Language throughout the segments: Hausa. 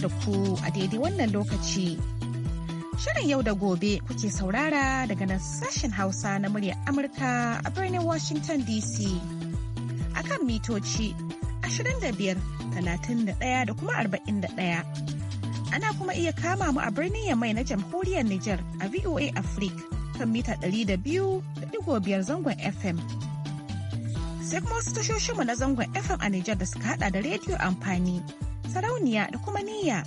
da ku a daidai wannan lokaci. Shirin yau da gobe kuke saurara daga nan sashen Hausa na muryar Amurka a birnin Washington DC. A kan mitoci 25, 31 da kuma 41. Ana kuma iya kama mu a birnin Yamai na jamhuriyar Nijar a VOA Africa kan mita 200.5 zangon FM. sai kuma wasu tashoshinmu na zangon FM a Nijar da suka hada da rediyo amfani sarauniya da kuma niyya.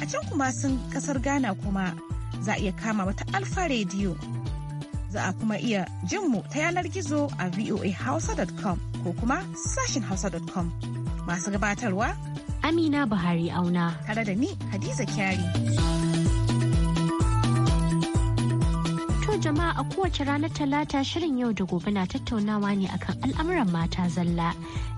A can kuma sun kasar Ghana kuma za a iya kama wata Alfa rediyo Za a kuma iya jinmu ta yanar gizo a voahausa.com ko kuma sashin hausa.com. Masu gabatarwa Amina Buhari Auna. Tare da ni Hadiza Kyari. jama'a a kowace ranar talata shirin yau da gobe na tattaunawa ne akan al'amuran mata zalla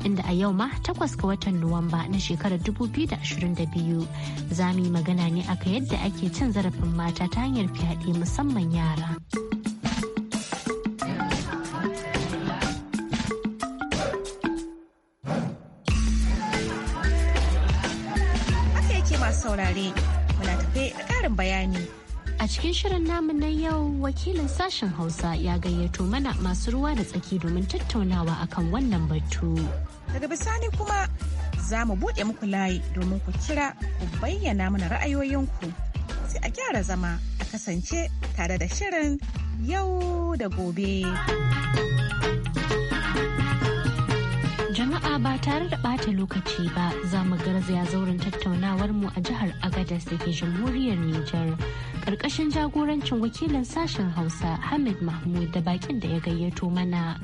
inda a yau ma takwas ga watan Nuwamba na shekarar 2022 za mu yi magana ne aka yadda ake cin zarafin mata ta hanyar fyaɗe musamman yara. saurare cikin shirin namu na yau wakilin sashen Hausa ya gayyato mana masu ruwa da tsaki domin tattaunawa akan wannan batu. Daga bisani kuma za mu buɗe muku layi domin ku kira ku bayyana mana ra'ayoyinku sai a gyara zama a kasance tare da shirin yau da gobe. jama'a ba tare da ɓata lokaci ba za mu garzaya zauren tattaunawar mu a jihar agadas da ke jamhuriyar Nijar ƙarƙashin jagorancin wakilin sashen Hausa Hamid Mahmud da bakin da ya gayyato mana.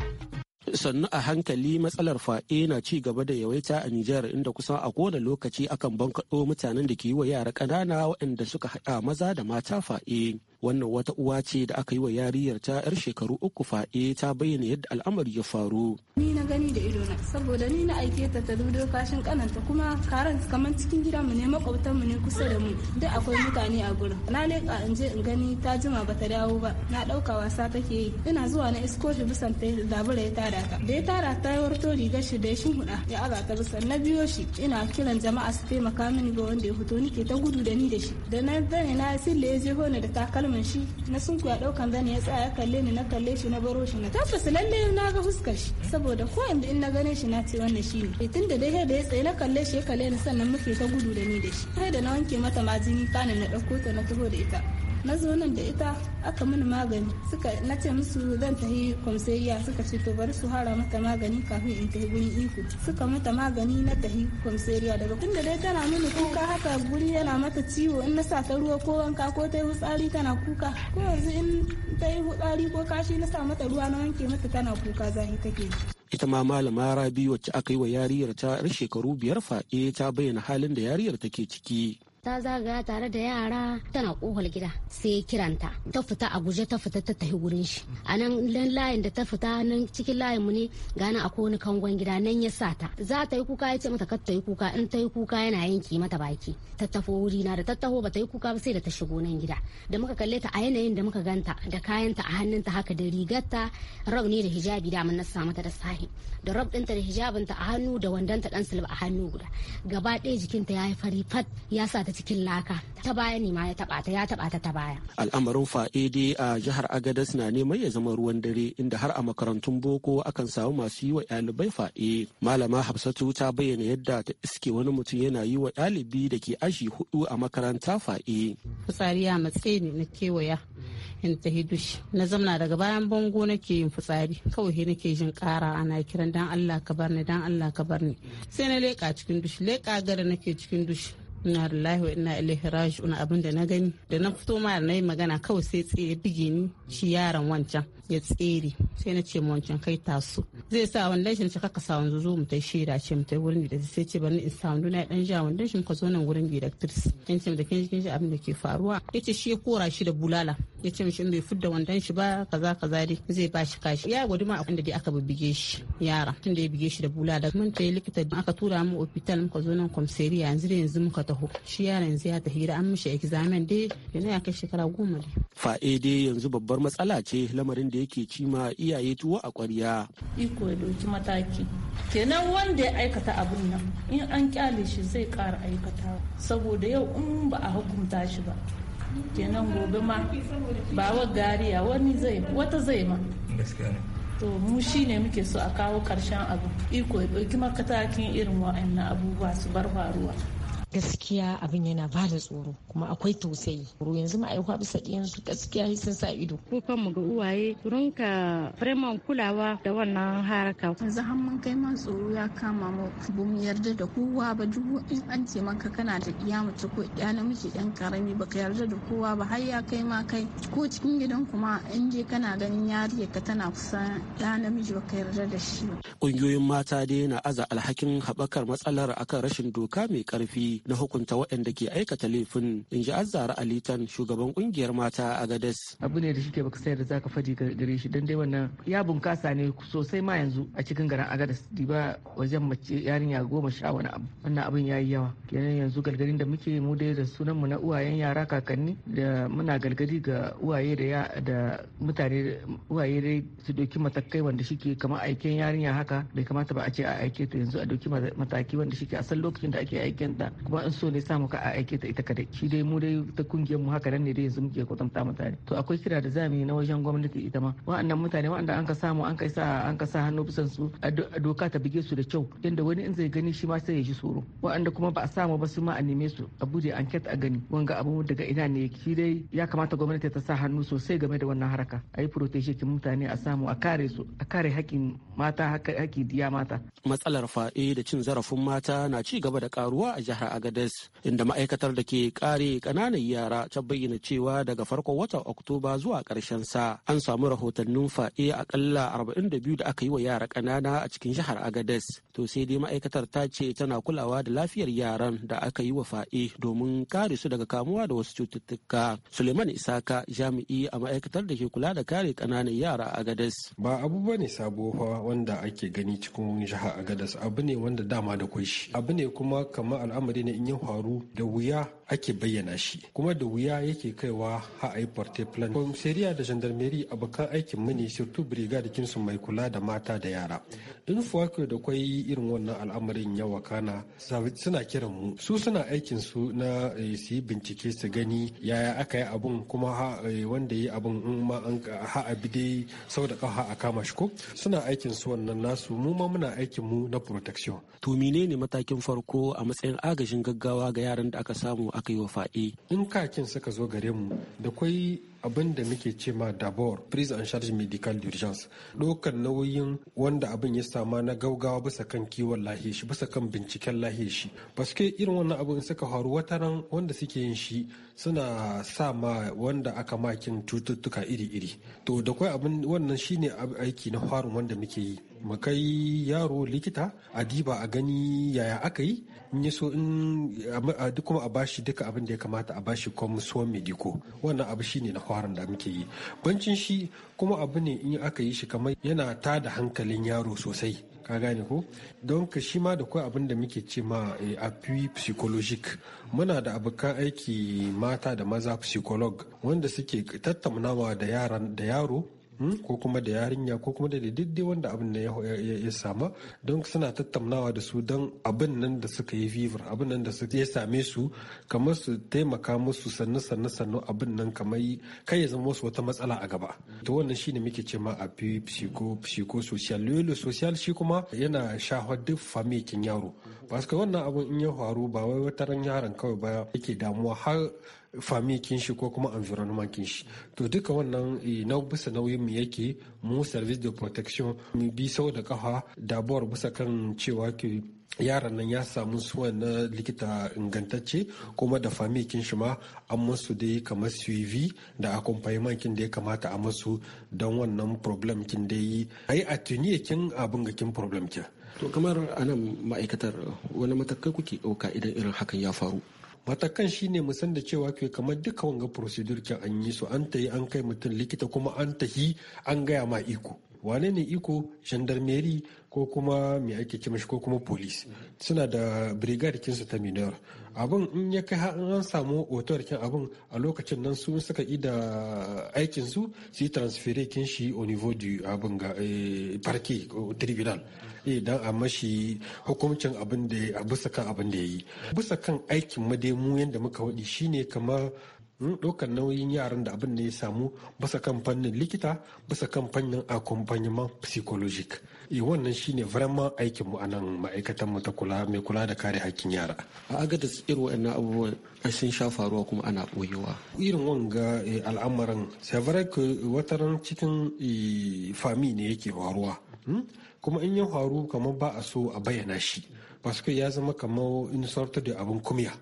sannu a hankali matsalar fa'e na ci gaba da yawaita a Nijar inda kusan a kowane lokaci akan bankaɗo mutanen da ke yi wa yara ƙanana waɗanda suka haɗa maza da mata fa'e. wannan wata uwa ce da aka yi wa yariyar ta yar shekaru uku fa'e ta bayyana yadda al'amari ya faru ni na gani da ido na saboda ni na aike ta ta dudo kashin kananta kuma karan kamar cikin gida mu ne makwabtan mu ne kusa da mu duk akwai mutane a gurin na leka in je in gani ta jima ba ta dawo ba na ɗauka wasa take yi ina zuwa na isko shi bisan ta ya tara ta da ya tara ta yi warto riga shi da ya huda ya aga ta bisan na biyo shi ina kiran jama'a su taimaka mini ga wanda ya fito nike ta gudu da ni da shi da na zane na sille ya je hona da takalma saman shi na sunkuya daukan zani ya tsaya kalle ni na kalle shi na baro shi na tafasa lalle na ga huskar shi saboda ko inda in na gane shi na ce wannan shi ne eh, tun da dai da ya tsaye na kalle shi ya kalle ni sannan muke ta gudu da ni da shi sai da na wanke mata majini kanin na dauko ta na taho da ita na zo nan da ita aka mini magani suka na ce musu zan tafi kwamsariya suka ce to bari su hara mata magani kafin in tafi gurin iko suka mata magani na tafi kwamsariya daga tunda dai tana mini kuka haka guri yana mata ciwo in na sa ta ruwa ko wanka ko ta yi hutsari tana kuka ko yanzu in ta yi hutsari ko kashi na sa mata ruwa na wanke mata tana kuka zahi take ita ma malama rabi wacce aka yi wa yariyar ta shekaru biyar fae ta bayyana halin da yariyar take ciki ta zagaya tare da yara tana kohol gida sai kiranta ta fita a guje ta fita ta tafi wurin shi a nan layin da ta fita nan cikin layin mu ne gana a wani kangon gida nan ya sa ta za ta yi kuka ya ce mata kar ta yi kuka in ta yi kuka yana yanki mata baki ta tafi wuri na da ta taho ba ta yi kuka ba sai da ta shigo nan gida da muka kalle ta a yanayin da muka ganta da kayanta a hannunta haka da rigarta rab ne da hijabi da mun nasa mata da sahi da rab ɗinta da hijabinta a hannu da wandonta dan silba a hannu guda gaba ɗaya jikinta ya yi fari fat ya sa ta cikin laka ta baya ne ma ya taba ta ya taba ta baya al'amarin fa'idi a jihar agadas na neman ya zama ruwan dare inda har a makarantun boko akan samu masu yi wa ɗalibai fa'i malama hafsatu ta bayyana yadda ta iske wani mutum yana yi wa ɗalibi da ke aji hudu a makaranta fa'i fitsari ya matse ne na kewaya in ta hidushi na zamna daga bayan bango nake yin fitsari kawai na nake jin kara ana kiran dan Allah ka bar ni dan Allah ka bar ni sai na leka cikin dushi leka gara nake cikin dushi ina da lahiwa ina ilaihi una abin da na gani da na fito ma na yi magana kawai sai tsere bige ni shi yaron wancan ya tsere sai na ce wancan kai taso zai sa wannan shi ka sa wanzu zo mu ta shaida ce mu ta wurin da sai ce bani in sa wani na dan ja wannan shi ka zo nan wurin directrice in ce da kin ji abin da ke faruwa ya ce shi ya kora shi da bulala ya mishi in bai fudda wandan shi ba kaza kaza dai zai ba shi kashi ya gudu ma akwai da dai aka bibbige shi yara tun da ya bige shi da bulala mun ta yi likita aka tura mu hospital muka zo nan komisariya yanzu da yanzu muka ta taho shi yaron yanzu ya tafi da an mishi examen dai yanzu ya kai shekara goma dai. fa'e dai yanzu babbar matsala ce lamarin da yake cima iyaye tuwo a kwarya. iko ya ɗauki mataki kenan wanda ya aikata abun nan in an kyale shi zai kara aikata saboda yau in ba a hukunta shi ba kenan gobe ma ba wa gariya wani zai wata zai ma to mu shi ne muke so a kawo karshen abu iko ya ɗauki makatakin irin wa'annan abubuwa su bar faruwa gaskiya abin yana ba da tsoro kuma akwai tausayi yanzu ma'aikwa bisa su gaskiya sun sa ido ko mu ga uwaye rinka freeman kulawa da wannan haraka yanzu har kai ma tsoro ya kama mu ba yarda da kowa ba duk in an ce maka kana da iya mace ko iya namiji ɗan karami ba ka yarda da kowa ba har ya kai ma kai ko cikin gidan kuma in je kana ganin yariya ka tana kusa ya namiji ba ka yarda da shi ba ƙungiyoyin mata dai na aza alhakin haɓakar matsalar akan rashin doka mai ƙarfi na hukunta waɗanda ke aikata laifin in ji azzara alitan shugaban kungiyar mata a gadas abu ne da shi ke baka sayar da zaka faɗi gare shi dan dai wannan ya bunkasa ne sosai ma yanzu a cikin garin agadas diba wajen mace yarinya goma sha wani abu wannan abin yayi yawa kenan yanzu galgadin da muke mu dai da sunan mu na uwayen yara kakanni da muna galgadi ga uwaye da da mutane uwaye dai su doki matakai wanda shike kamar aiken yarinya haka bai kamata ba a ce a aike ta yanzu a doki mataki wanda shike a san lokacin da ake aiken ta ba in so ne samu ka a aike ta ita kadai shi dai mu dai ta kungiyar mu haka nan ne dai yanzu muke kwatanta mutane to akwai kira da zamu yi na wajen gwamnati ita ma wa'annan mutane wa'anda an ka samu an ka sa an ka sa hannu bisan su a doka ta bige su da kyau yanda wani in zai gani shi ma sai ya ji tsoro wa'anda kuma ba a samu ba su ma a neme su a bude enquete a gani wanga abu daga ina ne shi dai ya kamata gwamnati ta sa hannu sosai game da wannan haraka a yi protection mutane a samu a kare su a kare haƙƙin mata haƙƙin diya mata matsalar faɗe da cin zarafin mata na ci gaba da karuwa a jihar Agades inda ma'aikatar da ke kare kananan yara ta bayyana cewa daga farkon watan Oktoba zuwa karshen sa an samu rahotannin fa'e akalla 42 da aka yi wa yara kanana a cikin jihar Agades. To sai dai ma'aikatar ta ce tana kulawa da lafiyar yaran da aka yi wa fa'e domin kare su daga kamuwa da wasu cututtuka. Suleiman Isaka jami'i a ma'aikatar da ke kula da kare ƙananan yara a Agades. Ba abu bane sabo fa wanda ake gani cikin jihar Agades abu ne wanda dama da kwai Abu ne kuma kamar al'amari ne in ya faru da wuya ake bayyana shi kuma da wuya yake kaiwa ha a yi plan komisariya da gendarmerie abokan aikin mu ne surtu brigade kinsu mai kula da mata da yara in fuwa da kwai irin wannan al'amarin yawa kana suna kiran mu su suna aikin su na eh, su yi bincike su gani yaya aka yi abun kuma eh, wanda yi abun in ma an ha a dai sau da a kama shi ko suna aikin su wannan nasu mu ma muna aikin mu na protection to ne matakin farko a matsayin agajin gaggawa ga yaran da aka samu aka yi wa fade. In kakin suka zo gare mu da kwai abin da muke ce ma dabor prison and charge medical Urgence, ɗaukar nauyin wanda abin ya sama na gaugawa bisa kan kiwon lahiya shi bisa kan binciken lahiya shi baske irin wannan abin suka faru wataran wanda suke yin shi suna sa ma wanda aka makin cututtuka iri-iri to da kwai abin wannan shine aiki na farin wanda muke yi mu kai yaro likita a diba a gani yaya aka yi in ya so in kuma a bashi duka abin da ya kamata a bashi komisuwan mediko wannan abu shine na farin da muke yi bancin shi kuma abu ne in aka yi shi kamar yana ta da hankalin yaro sosai ka gane ko don ka shi ma da kawai abin da muke ce ma eh, appui psychologique muna da abokan aiki mata da maza psycholog wanda suke tattaunawa da yaro Hmm? ko kuma da yarinya ko kuma da daidai wanda abin da ya sama don suna tattaunawa da su don abin nan da suka yi fever abin nan da ya same su kamar su taimaka musu sannu sannu sannu abin nan kamar kai ya zama musu wata matsala a gaba to wannan shine muke ce ma a psycho psycho social lolo social shi kuma yana shahwar duk famikin yaro ba wannan abin in ya faru ba wai wata ran yaron kawai ba yake damuwa har fami kinshi ko kuma environment kinshi to duka wannan eh, na bisa nauyin mu yake mu service de protection mu bi sau da kafa dabuwar bisa kan cewa ke yaran nan ya samu suwa na likita ingantacce kuma da famikin shi ma an masu dai kamar suivi da accompaniment kin da ya kamata a masu don wannan problem kin da yi ai a tuni kin abin ga kin problem kin to kamar anan ma'aikatar wani matakai kuke ɗauka idan irin hakan ya faru matakan shine mu san da cewa ke kamar duka wanga procedure an yi su an tayi an kai mutum likita kuma an tahi an gaya ma iko wane ne iko gendarmerie ko kuma mai ake kima ko kuma police suna da brigade kinsu ta minor abin in ya kai an samu otuwar kin abin a lokacin nan su suka yi da aikin su su yi transfere kin shi au niveau du abin ga eh, parquet tribunal eh dan a mashi hukuncin abin da a bisa kan abin da yi bisa kan aikin mu dai muka wadi shine kamar ɗaukar nauyin yaran da abin da ya samu basa kan fannin likita basa kan fannin accompagnement psychologic e wannan shine vraiment aikin mu anan ma'aikatan mu ta kula mai kula da kare hakkin yara a agada irin wannan abubuwan sun sha faruwa kuma ana koyewa irin wanga eh, al'amarin severe wataran cikin eh, fami ne yake faruwa hmm? kuma in ya faru kamar ba a so a bayyana shi ba ya zama kamar in da abin kumya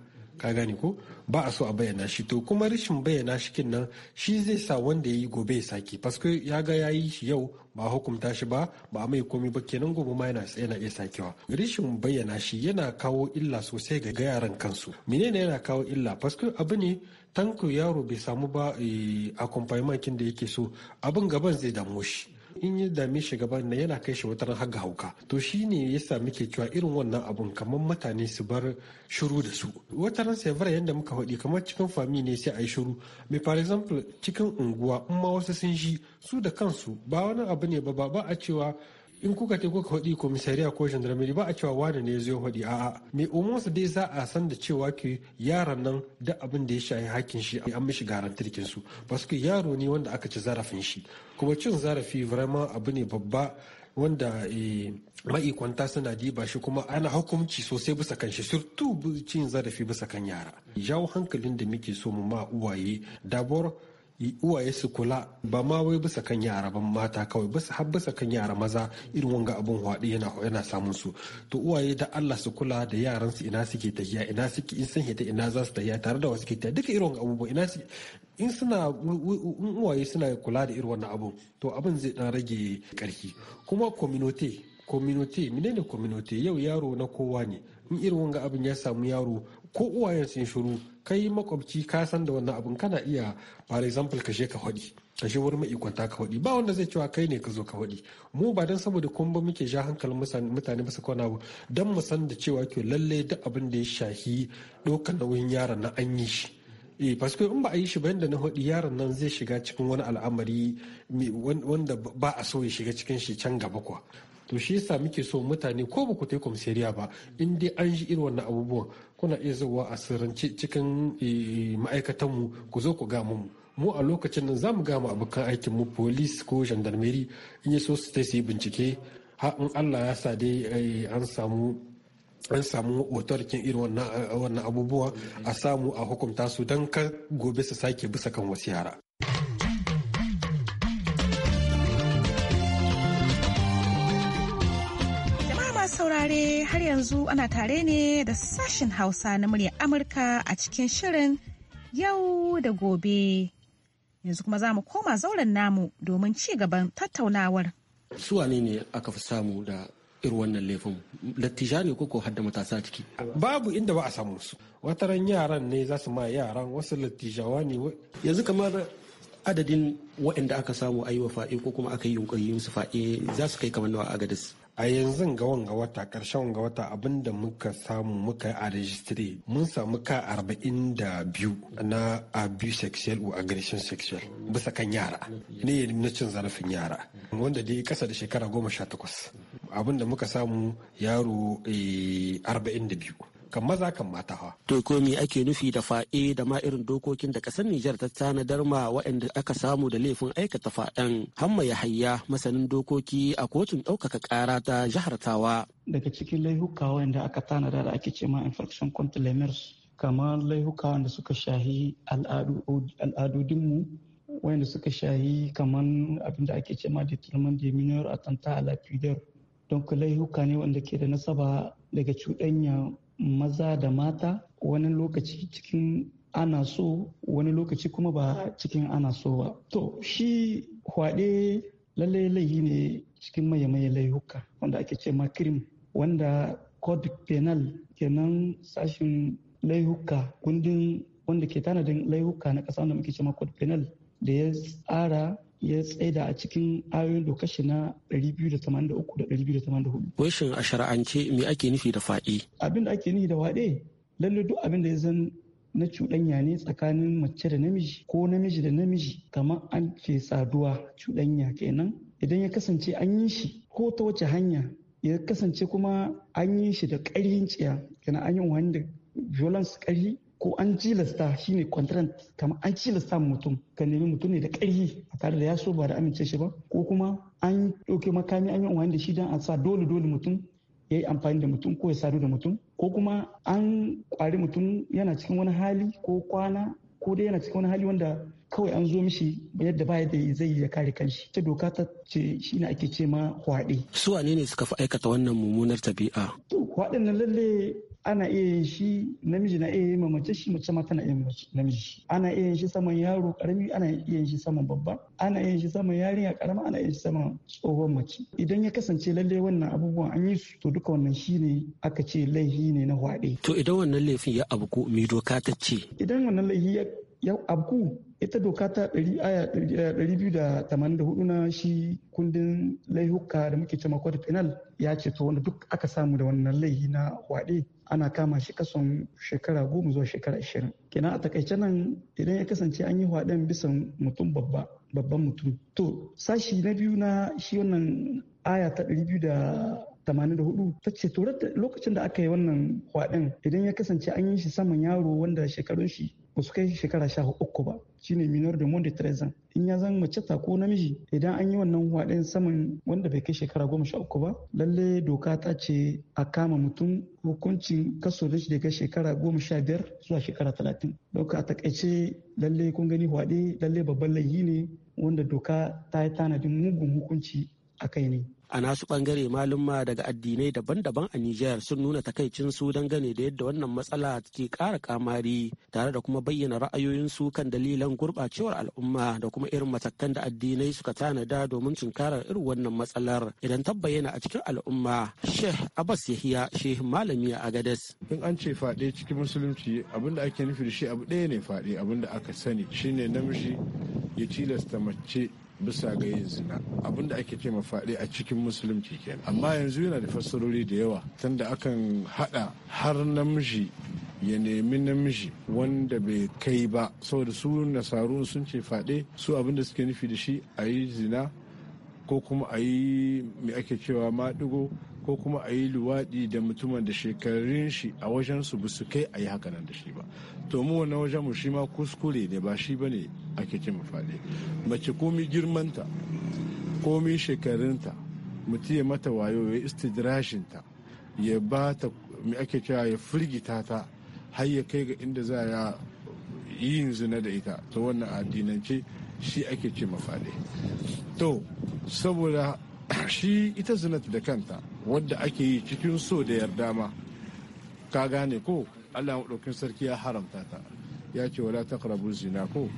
ka gane ko ba a so a bayyana shi to kuma rashin bayyana shi kin nan shi zai sa wanda ya yi gobe ya sake paske ya ga ya yi shi yau ba hukunta shi ba ba a mai komi ba kenan gobe ma yana tsaye na iya sakewa rashin bayyana shi yana kawo illa sosai ga yaran kansu menene yana kawo illa paske abu ne tanko yaro bai samu ba eh, a kin da yake so abin gaban zai damu shi in ya dame shi gaban na yana kai shi wata haga hauka to shi ya yasa muke cewa irin wannan abun kamar mutane su bar shiru da su wata ran sevara yanda muka faɗi kamar cikin fami ne sai a yi shiru mai for example cikin unguwa in wasu sun shi su da kansu ba wani abu ne ba ba a cewa in kuka ce kuka faɗi komisariya ko gendarmerie ba a cewa wane ne zai faɗi a'a me umarsa dai za a san da cewa ke yaran nan da abin da ya shahi hakin shi an mishi garantirkin su ba su yaro ne wanda aka ci zarafin shi kuma cin zarafi vraiment abu ne babba wanda eh, ma'ikwanta suna diba shi kuma ana hukunci sosai bisa kan shi surtu cin zarafi bisa kan yara jawo hankalin da muke so mu ma uwaye dabor uwaye su kula ba ma wai bisa kan yara ban mata kawai bisa har bisa kan yara maza irin wanga abun hwaɗi yana yana samun su to uwaye da Allah su kula da yaran su ina suke tafiya ina suke in san hita ina za su tafiya tare da wasu ke tafiya duka irin abubuwa ina in suna in uwaye suna kula da irin wannan abun to abin zai dan rage karfi kuma community community menene community yau yaro na kowa ne in irin wanga abin ya samu yaro ko uwayen sun shiru kai makwabci ka san da wannan abin kana iya for example kashe ka ka kashe wurin maikwanta ka hodi ba wanda zai cewa kai ne ka zo ka hodi mu ba dan saboda kun ba muke ja hankalin mutane su kwana ba don mu san da cewa kyau lalle duk abin da ya shahi ɗaukar nauyin yaron na an yi shi eh paske in ba a yi shi bayan da na hodi yaron nan zai shiga cikin wani al'amari wanda ba a so ya shiga cikin shi can gaba kuwa to shi yasa muke so mutane ko ba ku tai komisariya ba in dai an ji irin wannan abubuwan kuna iya zuwa a sirrance cikin eh, ma'aikatanmu ku zo ku gama mu mu a lokacin nan za mu gama abokan aikin mu polis ko gendarmerie in ya so su ta yi bincike har in allah ya sa dai eh, an samu an samu otorkin irin eh, wannan abubuwa a samu a hukunta su don ka gobe su sake bisa kan wasu yara har yanzu ana tare ne da sashen Hausa na muryar Amurka a cikin shirin yau da gobe. Yanzu kuma za mu koma zauren namu domin ci gaban tattaunawar. Su wane ne aka fi samu da irin wannan laifin lattija ne ko har da matasa ciki. Babu inda ba a samu su. Wataran yaran ne za su ma yaran wasu lattijawa ne. Yanzu kamar adadin waɗanda aka samu a yi wa fa'i ko kuma aka yi yunkurin su fa'i za su kai kamar nawa a gadis. a yanzu ga wanga wata karshen wanga wata abinda muka samu muka yi a registry mun samu ka arba'in da biyu na abuse sexual or aggression sexual bisa kan yara ne na cin zarafin yara wanda dai kasa da shekara goma sha takwas abinda muka samu yaro eh, arba'in da biyu kan maza kan mata hawa. To ko ake nufi da fa'e da ma irin dokokin da kasar Nijar ta tanadar ma waɗanda aka samu da laifin aikata fa'an hamma ya hayya masanin dokoki a kotun ɗaukaka ƙara ta jihar Tawa. Daga cikin laihuka waɗanda aka tanada da ake ce ma infection les kamar laihuka wanda suka shahi al'adudinmu wanda suka shahi kamar abin da ake cema da tilman da minor atanta a lafidar don laihuka ne wanda ke da nasaba daga cuɗanya maza da mata wani lokaci cikin ana so wani lokaci kuma ba cikin ana so ba to shi hwaɗe lallai ne cikin maye-maye laihuka wanda ake ce ma kirim wanda code penal kenan sashin laihuka kundin wanda ke tanadin laihuka na ƙasa wanda muke ce ma code penal da ya tsara ya tsaida a cikin ayoyin doka shi na 283 da 284. Wai shin a shara'ance me ake nufi da faɗi? Abin da ake nufi da waɗe lalle duk abin da ya zan na cuɗanya ne tsakanin mace da namiji ko namiji da namiji kamar an ke saduwa cuɗanya kenan idan ya kasance an yi shi ko ta wace hanya ya kasance kuma an yi shi da ƙarhin tsiya kenan an yi wani da violence ƙarhi ko an cilasta shine contract kamar an cilasta mutum ka nemi mutum ne da ƙarfi a tare da ya so ba da amince shi ba ko kuma an ɗauke makami an yi amfani da shi don a sa dole dole mutum ya yi amfani da mutum ko ya sadu da mutum ko kuma an ƙwari mutum yana cikin wani hali ko kwana ko dai yana cikin wani hali wanda kawai an zo mishi yadda ba yadda zai yi ya kare kanshi ta doka ta ce shi ne ake ce ma hwaɗe. su wane ne suka fi aikata wannan mummunar tabi'a. to hwaɗin na lalle ana iya yin shi namiji na iya yi ma mace shi mace ma tana iya namiji ana iya yin shi saman yaro karami ana iya yin shi saman babba ana iya yin shi saman yarinya karama ana iya yin shi saman tsohon mace idan ya kasance lalle wannan abubuwan an yi su to duka wannan shi ne aka ce laifi ne na hwaɗe. to idan wannan laifin ya abu ko doka ta ce idan wannan laifi ya abu ita doka ta 284 na shi kundin laihuka da muke cewa code penal ya ce to wanda duk aka samu da wannan laifi na hwaɗe ana kama shi kason shekara goma zuwa shekara ashirin kenan a takaice nan idan ya kasance an yi hwaɗen bisan mutum babba babban mutum to sashi na biyu na shi wannan aya ta ɗari biyu da 84 ta ce to lokacin da aka yi wannan kwaɗin idan ya kasance an yi shi saman yaro wanda shekarun shi ba su kai shekara sha uku ba shine minor de monde trezan in ya zan mace ta ko namiji idan an yi wannan waɗin saman wanda bai kai shekara goma sha uku ba lalle doka ta ce a kama mutum hukuncin kaso da shi daga shekara goma sha biyar zuwa shekara talatin don a takaice lalle kun gani waɗe lalle babban laifi ne wanda doka ta yi tanadin mugun hukunci a nasu bangare malumma daga addinai daban-daban a Nijar sun nuna takaicin takaicinsu gane da yadda wannan matsala ke kara kamari tare da kuma bayyana ra'ayoyinsu kan dalilan gurɓacewar al'umma da kuma irin matakan da addinai suka tanada domin tunkarar irin wannan matsalar idan tabbayyana a cikin al'umma. Sheikh Abbas Yahiya Sheikh Malami a Agades. In an ce faɗe cikin musulunci abinda ake nufi da shi abu ɗaya ne faɗe abinda aka sani shine namiji ya tilasta mace bisa ga yin zina abin da ake cewa faɗi a cikin musulunci kenan amma yanzu yana da fassarori da yawa tunda akan haɗa har namiji ya nemi namiji wanda bai kai ba saboda su nasaru sun ce faɗe su abin da suke nufi da shi a yi zina ko kuma a yi me ake cewa maɗigo ko kuma a yi luwaɗi da mutumin da shekarun shi a wajen su ba su kai a yi haka nan da shi ba to mu wannan wajen mu shi ma kuskure ne ba shi bane ake ce mu faɗi mace komi girmanta komi shekarunta mutum mata wayo ya ta ya ba ta me ake cewa ya firgita ta har ya kai ga inda za ya yin zina da ita ta wannan addinance shi ake ce mafaɗe to saboda shi ita zinat da kanta wadda ake yi cikin so da yarda ma ka gane ko allah maɗaukin sarki ya haramta ta ya ce wala taqrabu zina ko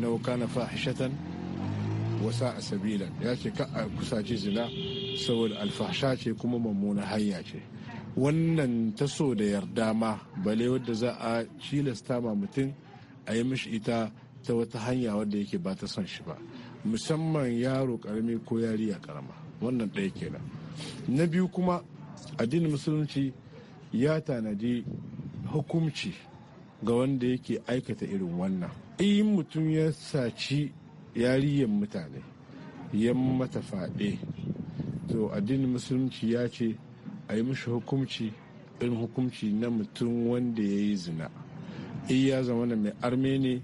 na kana fahishatan wasa a sabilan ya ce ka a kusaci zina saboda alfahsha ce kuma mummuna hanya ce wannan ta so da yarda ma bale wadda za a cilasta ma mutum a yi mishi ita ta wata hanya wadda yake ba ta son shi ba musamman yaro karami ko yariya karama wannan ɗaya kenan na biyu kuma addinin musulunci ya tanadi hukumci ga wanda yake aikata irin wannan in mutum ya saci yariyan mutane ya mata faɗe to addinin musulunci ya ce a yi mishi hukumci irin hukumci na mutum wanda ya yi zina in ya zama mai arme ne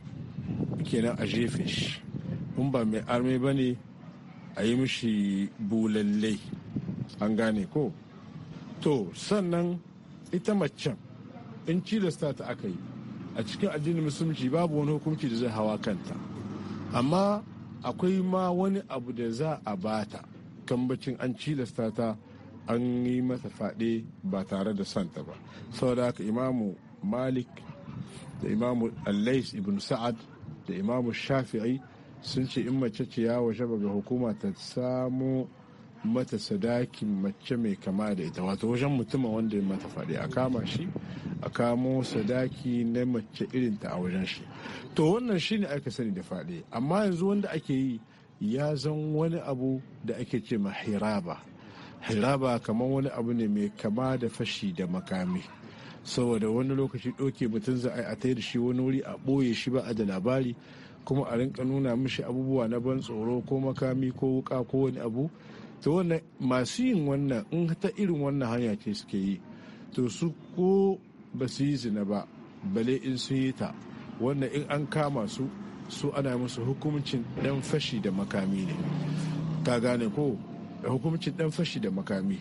kenan a jefe shi in ba mai arme ba ne a yi mishi bulalle an gane ko to sannan ita macen in cilasta ta aka yi a cikin addinin musulunci babu wani hukunci da zai hawa kanta amma akwai ma wani abu da za a bata kambacin an cilasta ta an yi mata fade ba tare da santa ba saboda haka imamu malik da imamu allais ibn sa'ad da imamu shafi'i sun ce in mace ce ya washe ga hukuma ta samu mata sadakin mace mai kama da ita wato wajen mutuma wanda ya mata faɗi a kama shi a kamo sadaki na mace irin ta a wajen shi to wannan shi ne aka sani da faɗi amma yanzu wanda ake yi ya zan wani abu da ake ce ma hiraba hiraba kamar wani abu ne mai kama da fashi da makami saboda wani lokaci ɗauke mutum za a yi a tayar shi wani wuri a ɓoye shi ba a da labari kuma a rinka nuna mishi abubuwa na ban tsoro ko makami ko wuka ko wani abu to wannan masu yin wannan in ta irin wannan hanya ce suke yi to su ko ba su yi zina ba bale in sun yi ta wannan in an kama su su ana musu hukumcin dan fashi da makami ne ka gane ko hukumcin dan fashi da makami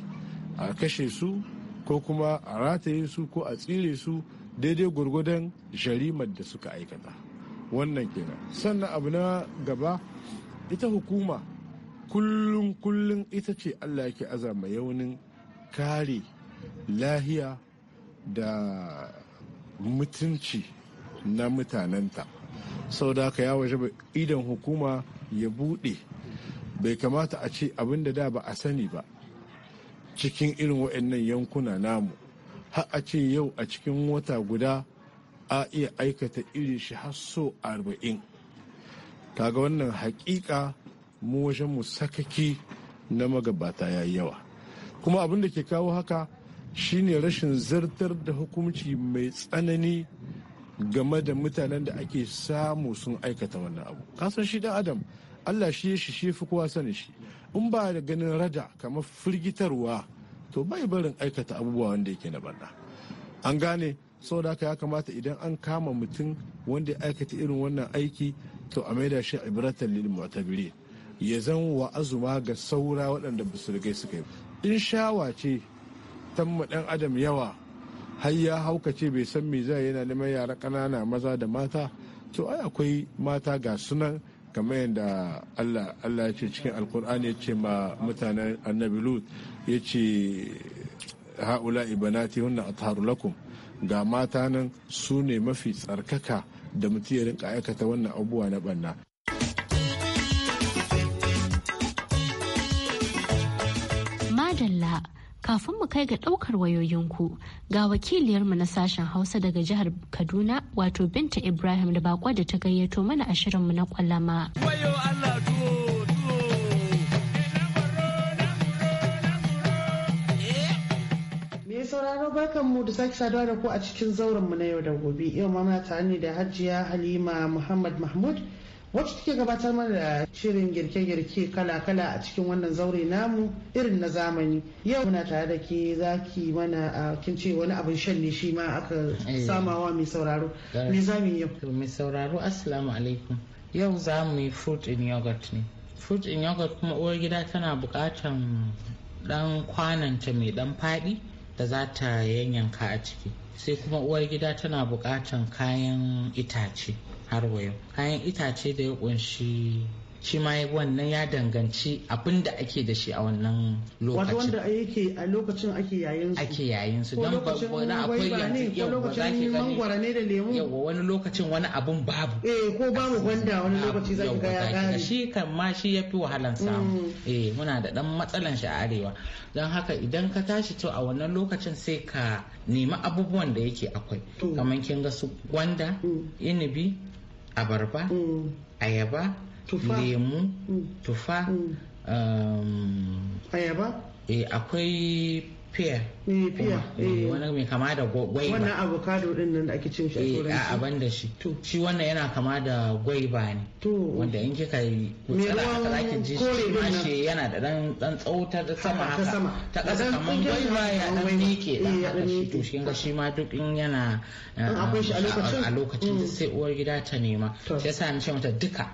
a kashe su ko kuma a rataye su ko a tsire su daidai gwargwadon jarimar da suka aikata wannan kenan sannan abu na gaba ita hukuma kullum kullum ita ce allah yake azama yaunin kare lahiya da mutunci na mutanenta sau da haka ya waje idan hukuma ya buɗe bai kamata a ce abinda da da ba a sani ba cikin irin waɗannan yankuna namu har a ce yau a cikin wata guda a iya aikata irin shi har so arba'in kaga wannan hakika mu wajen mu sakaki na magabata ya yi yawa kuma abin da ke kawo haka shine rashin zartar da hukunci mai tsanani game da mutanen da ake samu sun aikata wannan abu kasan shi dan adam allah shi ya shi fi kowa sani shi in ba da ganin rada kamar firgitarwa to bai barin aikata abubuwa wanda yake na banda an gane saboda haka ya kamata idan an kama mutum wanda ya aikata irin wannan aiki to a maida shi ibratan lil mu'tabiri ya zan wa azuma ga saura waɗanda ba su rigai suka yi in shawa ce tamma ɗan adam yawa har ya haukace bai san me zai yana neman yara ƙanana maza da mata to ai akwai mata ga sunan kamar yadda Allah Allah ya ce cikin alkur'ani ya ce ma mutanen annabi lut ya ce ha'ula ibanati hunna atharu lakum ga mata nan su ne mafi tsarkaka da mutum ya rinka aikata wannan abubuwa na banna madalla kafin mu kai ga ɗaukar wayoyinku ga wakiliyarmu na sashen hausa daga jihar kaduna wato binta ibrahim da bako da ta gayyato mana ashirinmu na kwalama. Wayo Allah sauraro barkan mu da sake saduwa da ku a cikin zauren mu na yau da gobe. Yau ma muna tare ne da Hajiya Halima Muhammad Mahmud wacce take gabatar mana da shirin girke-girke kala-kala a cikin wannan zaure namu irin na zamani. Yau muna tare da ke zaki mana a kin ce wani abin shan ne shi ma aka eh. samawa mai sauraro. Me za mu yau? Mai sauraro Assalamu alaikum. Yau za mu yi fruit in yogurt ne. Fruit in yogurt kuma uwar gida tana bukatan dan kwananta mai dan fadi. da za ta yanyanka a ciki sai kuma uwar gida tana bukatan kayan itace har wayo kayan itace da ya ƙunshi shi ma wannan ya danganci abin da ake da shi a wannan lokacin wanda yake a lokacin ake yayin su ake yayin su don ba wani akwai yanzu yau ba mangwara ne da lemu yawa wani lokacin wani abun babu eh ko babu gwanda wani lokaci za ka ga ya kare shi kan ma shi ya fi wahalan samu mm. eh muna da dan matsalan shi a arewa don haka idan ka tashi to a wannan lokacin sai ka nemi abubuwan da yake akwai mm. kamar kin ga su gwanda mm. inibi abarba ayaba lemu mm. tufa mm. Um, ayaba e akwai pear eh, pear eh, wani mai kama da gwaiba wannan avocado din nan da ake cin shi a turanci a ban da shi shi wannan yana kama da gwaiba ne wanda in kika yi kutsala haka zaki ji shi ma shi yana da dan dan tsauta da sama haka ta kasa kaman gwaiba ya dan mike dan haka shi to shi ga shi ma duk in yana um, a lokacin a lokacin mm. sai uwar gida ta nema shi yasa ni ce mata duka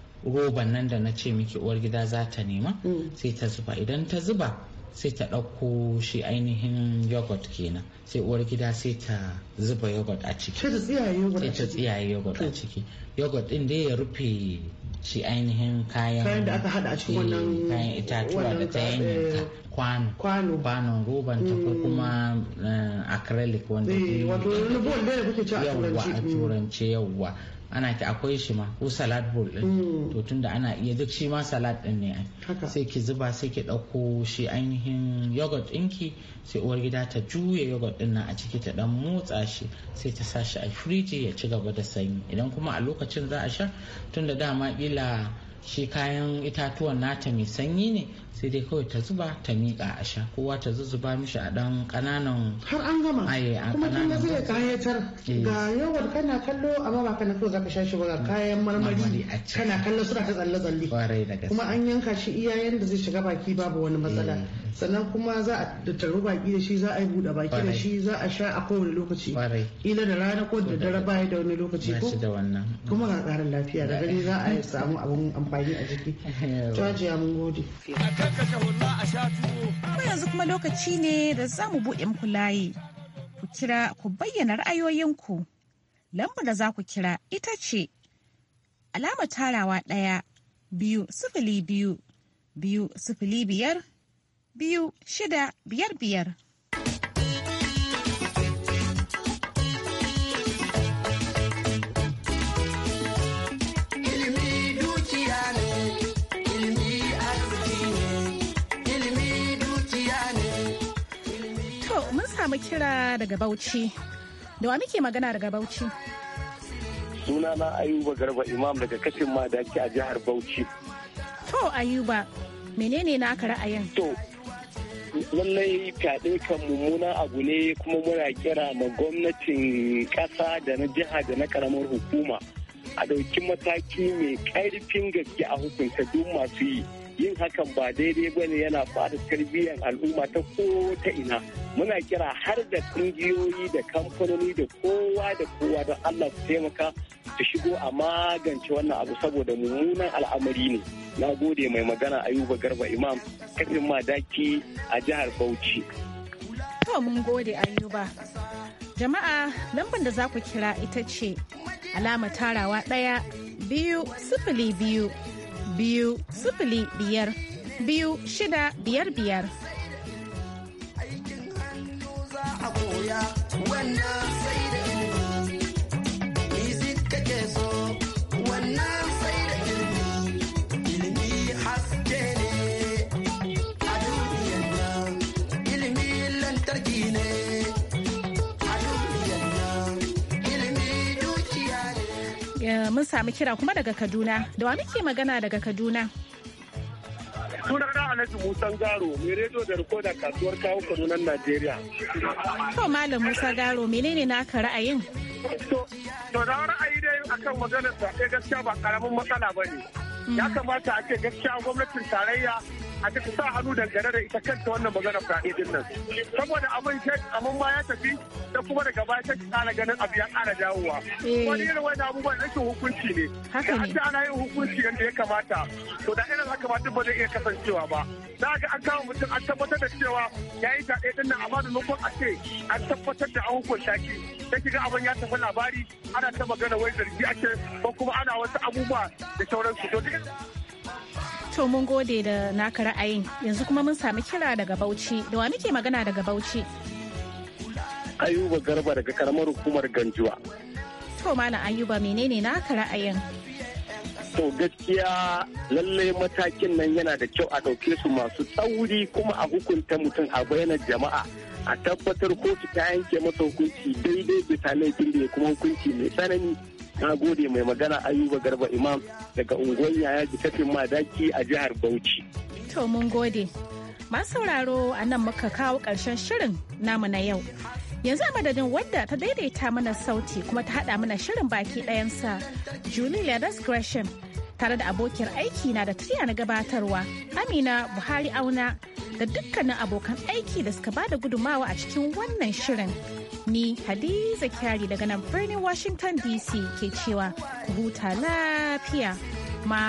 roban nan da na ce miki uwar gida za ta nema mm. sai ta zuba idan ta zuba sai ta ɗauko shi ainihin yogurt kenan sai uwar gida sai ta zuba yogurt a ciki sai ta tsiyaye yogurt a ciki yogurt din dai ya rufe shi ainihin kayan da aka hada a cikin wannan kayan itatuwa da ta yanyanka eh, kwano kwano roban ta ko mm. kuma eh, acrylic wanda eh, ke wato a mm. turance yawwa ana ki akwai shi ma ko salad bowl din mm. to tunda ana iya duk shi ma salad din ne sai ki zuba sai ki dauko shi ainihin yogurt ɗinki sai uwar gida ta juya yogurt din nan a ciki ta dan motsa shi sai ta sashi a firiji ya ci gaba da sanyi idan kuma a lokacin za a sha tunda dama kila shi kayan itatuwan nata mai sanyi ne sai dai kawai ta zuba ta miƙa a sha kowa ta zuzzuba mishi a dan ƙananan. har an gama kuma kin da zai kayatar eh. ga yawan kana kallo amma ba kana kawai zaka sha shi ba ga kayan marmari kana kallo suna ta tsalle tsalle kuma an yanka shi iyayen da zai shiga baki babu wani matsala eh, sannan kuma za a taru baki da shi za a yi buɗe baki da shi za a sha a kowane lokaci ila da rana ko da dare baya da wani lokaci ko kuma ga ƙarin lafiya da gani za a samu abun amfani a jiki ta mun gode Kuma yanzu kuma lokaci ne da za mu buɗe muku layi. Ku kira ku bayyana ra'ayoyinku. Lambar da za ku kira ita ce alama tarawa ɗaya biyu sifili biyu biyu sifili biyar biyu shida biyar biyar. samu kira daga Bauchi. Da wa muke magana daga Bauchi? Sunana Ayuba Garba Imam daga kashin madaki a jihar Bauchi. To Ayuba, menene naka ra'ayin? To, lallai fyaɗe kan mummuna abu ne kuma muna kira ma gwamnatin ƙasa da na jiha da na ƙaramar hukuma a ɗauki mataki mai ƙarfin gaske a hukunta duk masu yi. yin hakan ba daidai ba ne yana fara tarbiyyar al'umma ta ko ta ina muna kira har da kungiyoyi da kamfanoni da kowa da kowa don allah su taimaka su shigo a magance wannan abu saboda mummunan al'amari ne na gode mai magana ayuba garba imam kafin daki a jihar bauchi to mun gode ayuba jama'a lambar da za ku kira ita ce alama tarawa ɗaya biyu sifili biyu biyu sifili biyar biyu shida biyar biyar. za a koya. mun samu kira kuma daga Kaduna. Da wa muke magana daga Kaduna? Sunana Alhaji Musa Garo, mai rediyo da rikoda kasuwar kawo Kadunan Najeriya. To Malam Musa Garo, menene naka ra'ayin? To, da ra'ayi dai akan maganar sa gaskiya ba karamin matsala ba ne. Ya mm. kamata a ce gaskiya gwamnatin tarayya a ta sa hannu dangane da ita kanta wannan magana fyaɗe din nan saboda abin shi amma ma ya tafi da kuma daga baya ta ƙara ganin abu ya ƙara dawowa eh. wani irin wani abubuwan rashin hukunci ne haka an ana yin hukunci yadda ya kamata to da irin haka ba duk ba zai iya kasancewa ba za ga an kama mutum an tabbatar da cewa ya yi fyaɗe din nan amma da lokacin a ce an tabbatar da an hukunta ki sai kiga abin ya tafi labari ana ta magana wai zargi ake ko kuma ana wasu abubuwa da sauransu to duk To mun gode da naka ra'ayin yanzu kuma mun sami kira daga Bauchi da wa muke magana daga Bauchi. Ayuba Garba daga karamar hukumar Ganjuwa. To mana, Ayuba menene naka ra'ayin? To gaskiya lallai matakin nan yana da kyau a ɗauke su masu tsauri kuma a hukunta mutum a bayanar jama'a a tabbatar kotu ta yanke masa hukunci daidai bisa laifin da ya kuma hukunci mai tsanani na gode mai magana ayuba garba imam daga unguwar yaya tafin madaki a jihar bauchi to mun gode masu sauraro a nan muka kawo ƙarshen shirin namu na yau yanzu a madadin wadda ta daidaita mana sauti kuma ta haɗa mana shirin baki ɗayansa julie ladas gresham tare da abokiyar aiki na da tiya na gabatarwa amina buhari auna da dukkanin abokan aiki da suka bada gudummawa a cikin wannan shirin Ni Hadiza Kyari daga nan birnin Washington DC ke cewa "Ku huta lafiya. Ma